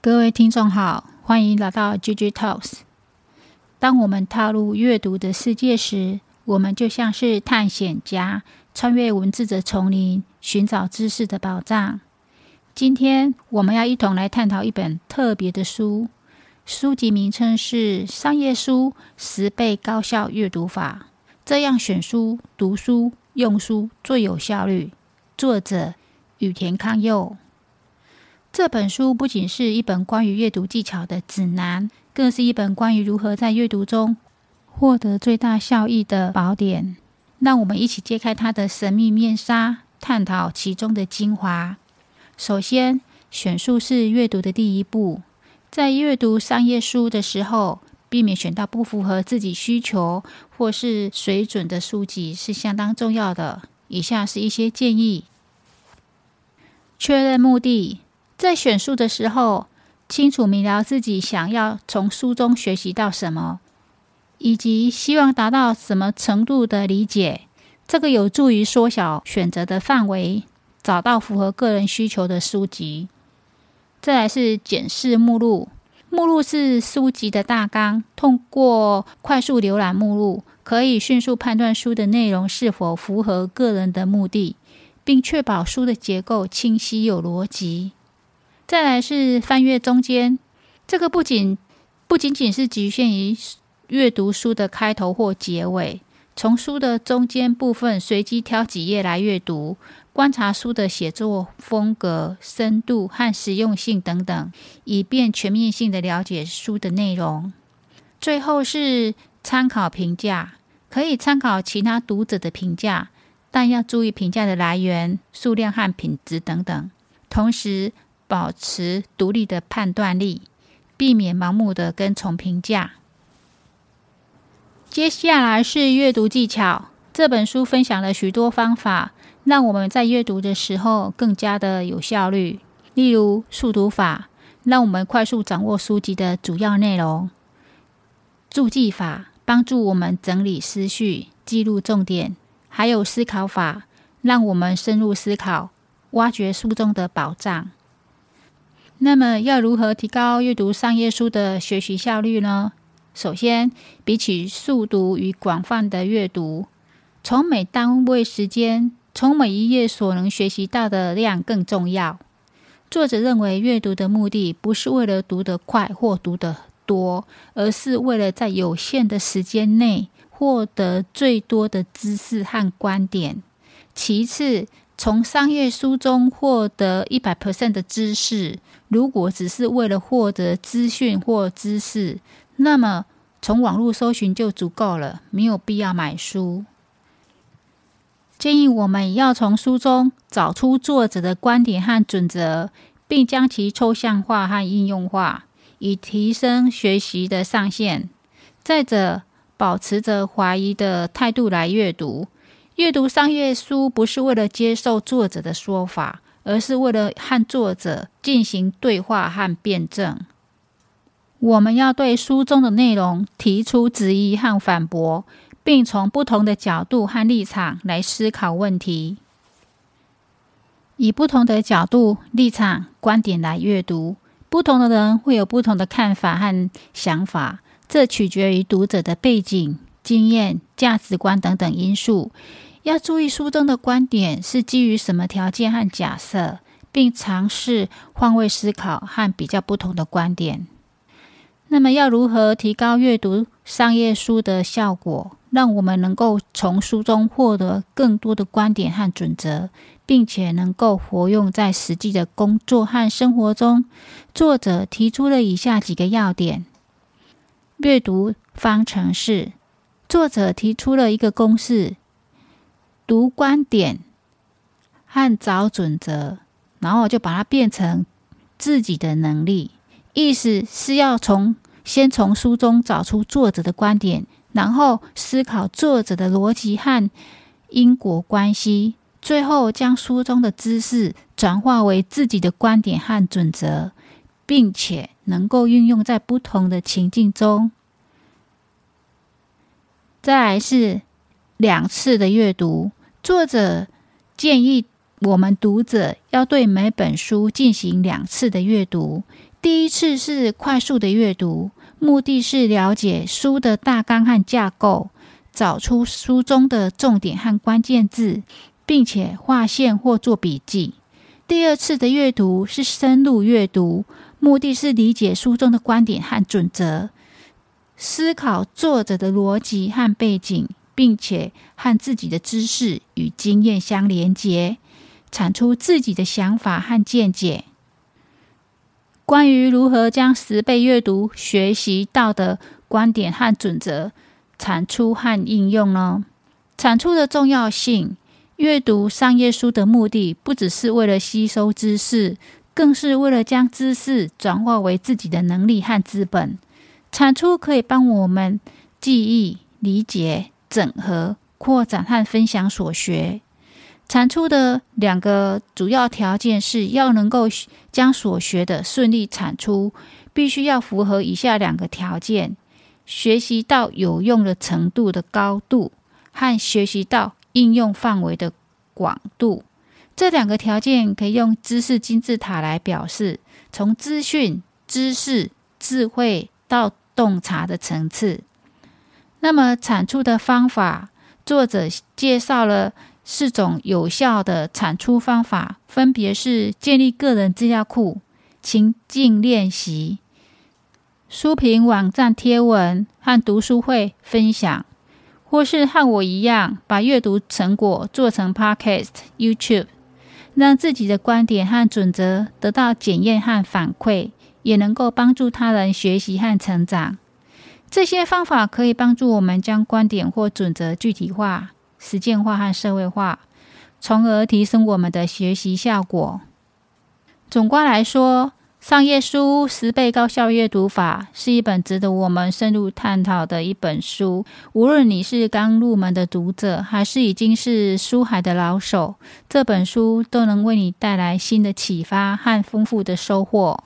各位聽眾好，歡迎來到 GG Talks。當我們踏入閱讀的世界時，我們就像是探險家，穿越文字的叢林，尋找知識的寶藏。今天，我們要一同來探討一本特別的書，書籍名稱是《商業書十倍高效閱讀法》，這樣選書、讀書、用書最有效率。作者：羽田康祐。這本書不僅是一本關於閱讀技巧的指南，更是一本關於如何在閱讀中獲得最大效益的寶典。讓我們一起揭開它的神秘面紗，探討其中的精華。首先，選書是閱讀的第一步。在閱讀商業書的時候，避免選到不符合自己需求或是水準的書籍是相當重要的。以下是一些建議：確認目的。在選書的時候，清楚明了自己想要從書中學習到什麼，以及希望達到什麼程度的理解，這個有助於縮小選擇的範圍，找到符合個人需求的書籍。再來是檢視目錄，目錄是書籍的大綱，通過快速瀏覽目錄，可以迅速判斷書的內容是否符合個人的目的，並確保書的結構清晰有邏輯。再來是翻閱中間，這個不僅不僅僅是局限於閱讀書的開頭或結尾，從書的中間部分隨機挑幾頁來閱讀，觀察書的寫作風格、深度和實用性等等，以便全面性地了解書的內容。最後是參考評價，可以參考其他讀者的評價，但要注意評價的來源、數量和品質等等，同時，保持獨立的判斷力，避免盲目的跟從評價。接下來是閱讀技巧。這本書分享了許多方法，讓我們在閱讀的時候更加的有效率。例如速讀法，讓我們快速掌握書籍的主要內容；注記法幫助我們整理思緒、記錄重點；還有思考法，讓我們深入思考，挖掘書中的寶藏。那麼要如何提高閱讀商業書的學習效率呢？首先，比起速讀與廣泛的閱讀，從每單位時間、從每一頁所能學習到的量更重要。作者認為，閱讀的目的不是為了讀得快或讀得多，而是為了在有限的時間內獲得最多的知識和觀點。其次，從商業書中獲得100%的知識，如果只是為了獲得資訊或知識，那麼從網絡搜尋就足夠了，沒有必要買書。建議我們要從書中找出作者的觀點和準則，並將其抽象化和應用化，以提升學習的上限。再者，保持着懷疑的態度來閱讀。閱讀商業書不是為了接受作者的說法，而是為了和作者進行對話和辯證。我們要對書中的內容提出質疑和反駁，並從不同的角度和立場來思考問題。以不同的角度、立場、觀點來閱讀，不同的人會有不同的看法和想法，這取決於讀者的背景、經驗、價值觀等等因素。要注意書中的觀點是基於什麼條件和假設，並嘗試換位思考和比較不同的觀點。那麼，要如何提高閱讀商業書的效果，讓我們能夠從書中獲得更多的觀點和準則，並且能夠活用在實際的工作和生活中？作者提出了以下幾個要點：閱讀方程式。作者提出了一個公式。讀觀點和找準則，然後就把它變成自己的能力。意思是要從先從書中找出作者的觀點，然後思考作者的邏輯和因果關係，最後將書中的知識轉化為自己的觀點和準則，並且能夠運用在不同的情境中。再來是兩次的閱讀。作者建議我們讀者要對每本書進行兩次的閱讀。第一次是快速的閱讀，目的是了解書的大綱和架構，找出書中的重點和關鍵字，並且劃線或做筆記。第二次的閱讀是深入閱讀，目的是理解書中的觀點和準則，思考作者的邏輯和背景。並且和自己的知識與經驗相連接，產出自己的想法和見解。關於如何將十倍閱讀學習到的觀點和準則產出和應用呢？產出的重要性。閱讀商業書的目的不只是為了吸收知識，更是為了將知識轉化為自己的能力和資本。產出可以幫我們記憶、理解。整合、擴展和分享所學產出的兩個主要條件，是要能夠將所學的順利產出，必須要符合以下兩個條件：學習到有用的程度的高度和學習到應用範圍的廣度。這兩個條件可以用知識金字塔來表示，從資訊、知識、智慧到洞察的層次。那麼產出的方法，作者介紹了四種有效的產出方法，分別是建立個人資料庫、情境練習、書評網站貼文和讀書會分享，或是和我一樣，把閱讀成果做成 Podcast、YouTube，讓自己的觀點和準則得到檢驗和反饋，也能夠幫助他人學習和成長。這些方法可以幫助我們將觀點或準則具體化、實踐化和社會化，從而提升我們的學習效果。總觀來說，《商業書十倍高效閱讀法》是一本值得我們深入探討的一本書。無論你是剛入門的讀者，還是已經是書海的老手，這本書都能為你帶來新的啟發和豐富的收穫。